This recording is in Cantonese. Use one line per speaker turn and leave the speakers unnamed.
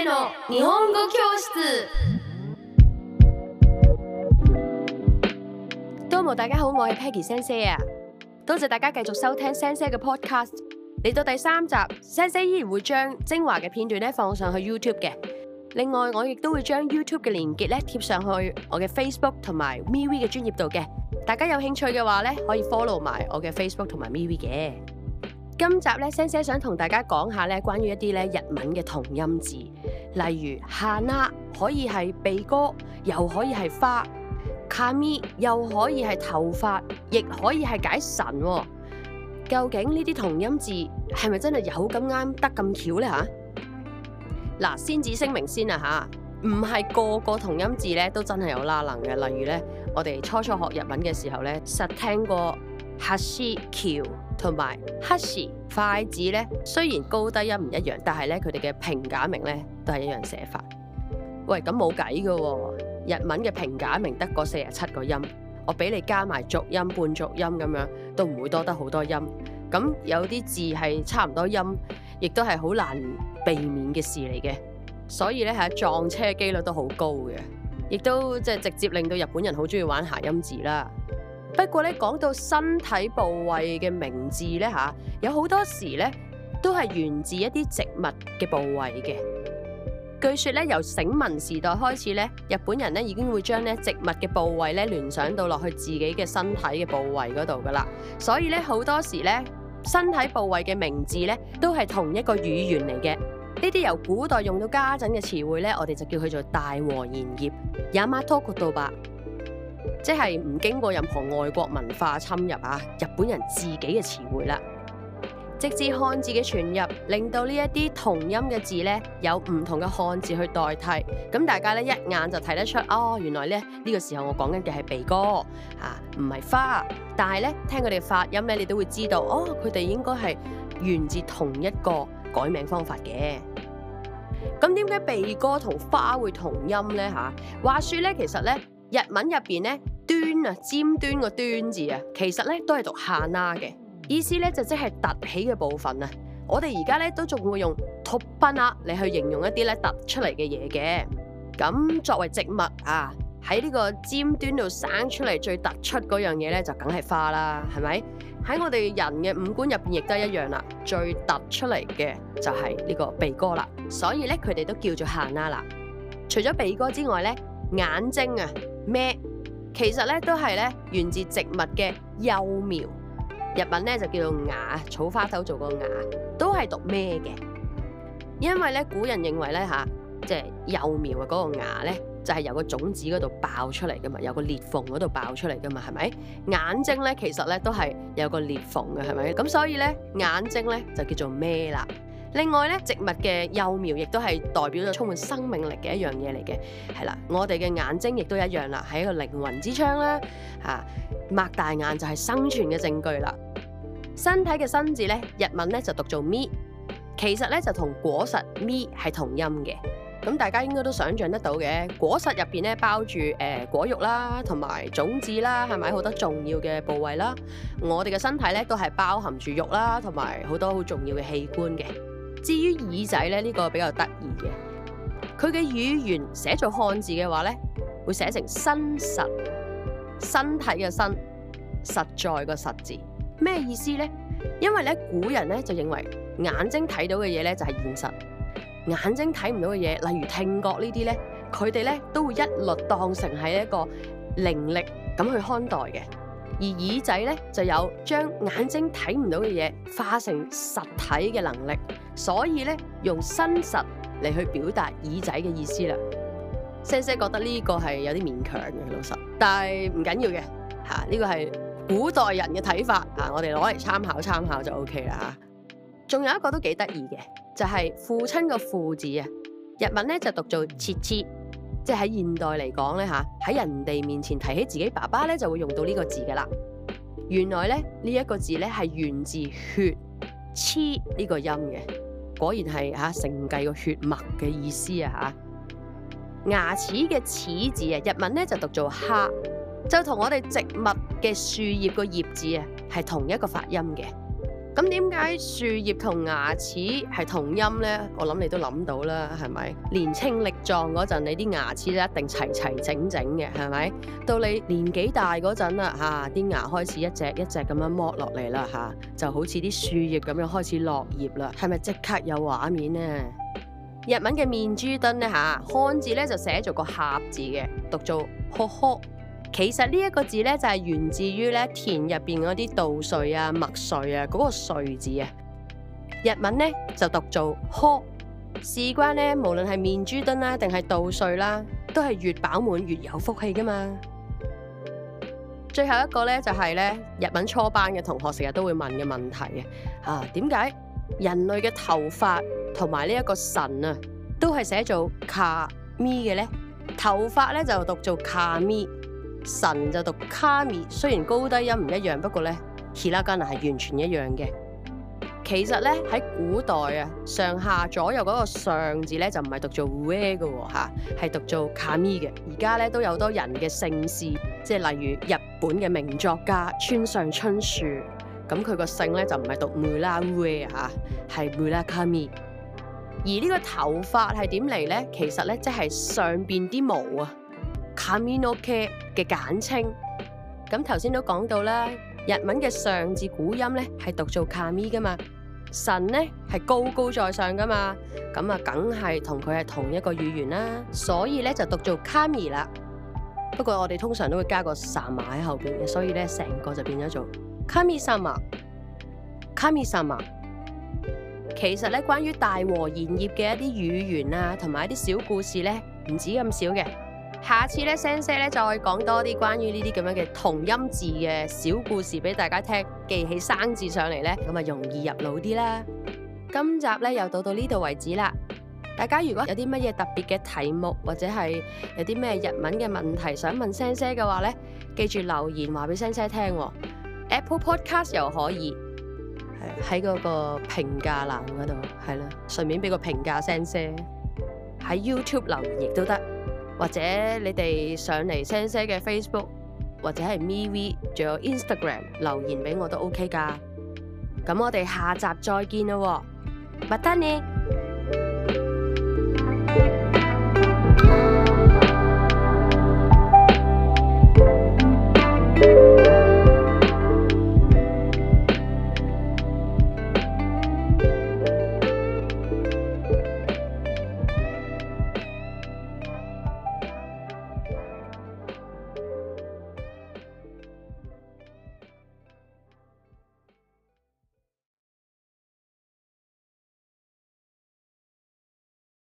日本語教室。多蒙大家好，我係 Peggy 先生呀。多謝大家繼續收聽先生嘅 Podcast。嚟到第三集，先生依然會將精華嘅片段咧放上去 YouTube 嘅。另外，我亦都會將 YouTube 嘅鏈接咧貼上去我嘅 Facebook 同埋 MeWe 嘅專業度嘅。大家有興趣嘅話咧，可以 follow 埋我嘅 Facebook 同埋 MeWe 嘅。今集咧，先生想同大家講下咧，關於一啲咧日文嘅同音字，例如下啦可以係鼻哥，又可以係花；卡咪又可以係頭髮，亦可以係解神。究竟呢啲同音字係咪真係有咁啱得咁巧咧吓？嗱，先至聲明先啦吓，唔係個個同音字咧都真係有啦能嘅。例如咧，我哋初初學日文嘅時候咧，實聽過哈斯橋。同埋はし筷子咧，雖然高低音唔一樣，但係咧佢哋嘅平假名咧都係一樣寫法。喂，咁冇計噶喎，日文嘅平假名得嗰四十七個音，我俾你加埋濁音、半濁音咁樣，都唔會多得好多音。咁有啲字係差唔多音，亦都係好難避免嘅事嚟嘅，所以咧係撞車機率都好高嘅，亦都即係直接令到日本人好中意玩諧音字啦。不過咧，講到身體部位嘅名字咧，吓，有好多時咧都係源自一啲植物嘅部位嘅。據說咧，由繩文時代開始咧，日本人咧已經會將咧植物嘅部位咧聯想到落去自己嘅身體嘅部位嗰度噶啦。所以咧，好多時咧身體部位嘅名字咧都係同一個語言嚟嘅。呢啲由古代用到家陣嘅詞彙咧，我哋就叫佢做大和言葉。やまとことば。即係唔經過任何外國文化侵入啊！日本人自己嘅詞彙啦，直至漢字嘅傳入，令到呢一啲同音嘅字呢，有唔同嘅漢字去代替，咁大家呢，一眼就睇得出哦，原來呢，呢、呢個時候我講緊嘅係鼻哥吓，唔、啊、係花，但係呢，聽佢哋發音呢，你都會知道哦，佢哋應該係源自同一個改名方法嘅。咁點解鼻哥同花會同音呢？吓、啊，話說呢，其實呢。日文入邊咧，端啊尖端個端字啊，其實咧都係讀「下拉」嘅意思咧，就即係凸起嘅部分啊。我哋而家咧都仲會用とっぱな，你去形容一啲咧突出嚟嘅嘢嘅。咁作為植物啊，喺呢個尖端度生出嚟最突出嗰樣嘢咧，就梗係花啦，係咪？喺我哋人嘅五官入邊亦都係一樣啦，最突出嚟嘅就係呢個鼻哥啦。所以咧，佢哋都叫做「下拉」啦。除咗鼻哥之外咧，眼睛啊。咩？其實咧都係咧源自植物嘅幼苗，日文咧就叫做芽。草花頭做個芽都係讀咩嘅？因為咧古人認為咧吓，即係幼苗嘅嗰個芽咧就係由個種子嗰度爆出嚟嘅嘛，由個裂縫嗰度爆出嚟嘅嘛，係咪？眼睛咧其實咧都係有個裂縫嘅，係咪咁？所以咧眼睛咧就叫做咩啦？另外咧，植物嘅幼苗亦都係代表咗充滿生命力嘅一樣嘢嚟嘅，係啦。我哋嘅眼睛亦都一樣啦，係一個靈魂之窗啦，嚇，擘大眼就係生存嘅證據啦。身體嘅身字咧，日文咧就讀做咪，其實咧就同果實咪係同音嘅。咁大家應該都想象得到嘅，果實入邊咧包住誒果肉啦，同埋種子啦，係咪好多重要嘅部位啦？我哋嘅身體咧都係包含住肉啦，同埋好多好重要嘅器官嘅。至於耳仔咧，呢、呢個比較得意嘅，佢嘅語言寫做漢字嘅話咧，會寫成身“身實身體嘅身」，「實在個實字”，咩意思咧？因為咧，古人咧就認為眼睛睇到嘅嘢咧就係現實，眼睛睇唔到嘅嘢，例如聽覺呢啲咧，佢哋咧都會一律當成係一個靈力咁去看待嘅。而耳仔咧就有將眼睛睇唔到嘅嘢化成實體嘅能力。所以咧，用身實嚟去表達耳仔嘅意思啦。聲聲覺得呢個係有啲勉強嘅，老實。但係唔緊要嘅，吓、這、呢個係古代人嘅睇法，吓我哋攞嚟參考參考就 OK 啦，吓。仲有一個都幾得意嘅，就係、是、父親個父字啊。日文咧就讀做切切，即係喺現代嚟講咧吓，喺人哋面前提起自己爸爸咧，就會用到呢個字噶啦。原來咧呢一個字咧係源自血痴」呢、這個音嘅。果然係，啊，成承繼個血脈嘅意思啊嚇！牙齒嘅齒字啊，日文呢，就讀做哈，就同我哋植物嘅樹葉個葉字啊係同一個發音嘅。咁點解樹葉同牙齒係同音呢？我諗你都諗到啦，係咪？年青力壯嗰陣，你啲牙齒一定齊齊整整嘅，係咪？到你年紀大嗰陣啦，嚇、啊、啲牙開始一隻一隻咁樣剝落嚟啦，就好似啲樹葉咁樣開始落葉啦，係咪即刻有畫面呢？日文嘅面珠燈、啊、呢，嚇漢字呢就寫做個頬字嘅，讀做呵呵。其實呢一個字咧就係、是、源自於咧田入邊嗰啲稻穗啊麥穗啊嗰、那個穗字啊，日文咧就讀做呵。事關咧，無論係面珠墩啦、啊，定係稻穗啦，都係越飽滿越有福氣噶嘛。最後一個咧就係、是、咧日文初班嘅同學成日都會問嘅問題啊，點解人類嘅頭髮同埋呢一個神啊都係寫做卡咪嘅咧？頭髮咧就讀做卡咪。神就讀卡米，雖然高低音唔一樣，不過呢，希拉加納係完全一樣嘅。其實呢，喺古代啊，上下左右嗰個上字呢，就唔係讀做 where 噶吓，係讀做卡米嘅。而家呢，都有很多人嘅姓氏，即係例如日本嘅名作家村上春樹，咁佢個姓咧就唔係讀梅拉 where 吓，係梅拉卡米。而呢個頭髮係點嚟咧？其實呢，即係上面啲毛啊。Kami no ke 嘅簡稱，咁頭先都講到啦。日文嘅上字古音呢係讀做 Kami 噶嘛，神呢係高高在上㗎嘛，咁啊，梗係同佢係同一個語言啦。所以呢就讀做 Kami 啦。不過我哋通常都會加個 sama 喺後邊嘅，所以呢成個就變咗做 Kamisama, Kamisama。Kamisama 其實呢關於大和言葉嘅一啲語言啊，同埋一啲小故事呢，唔止咁少嘅。下次咧 Sensei 咧再講多啲關於呢啲咁樣嘅同音字嘅小故事俾大家聽，記起生字上嚟咧，咁啊容易入腦啲啦。今集咧又到到呢度為止啦。大家如果有啲乜嘢特別嘅題目，或者係有啲咩日文嘅問題想問 Sensei 嘅話咧，記住留言話俾 Sensei 聽，哦，Apple Podcast 又可以喺嗰個評價欄嗰度，係啦，順便俾個評價 Sensei 喺 YouTube 留言亦都得。或者你哋上嚟聲聲嘅 Facebook，或者係 MeWe，仲有 Instagram 留言畀我都 OK 噶。咁我哋下集再見咯，拜託。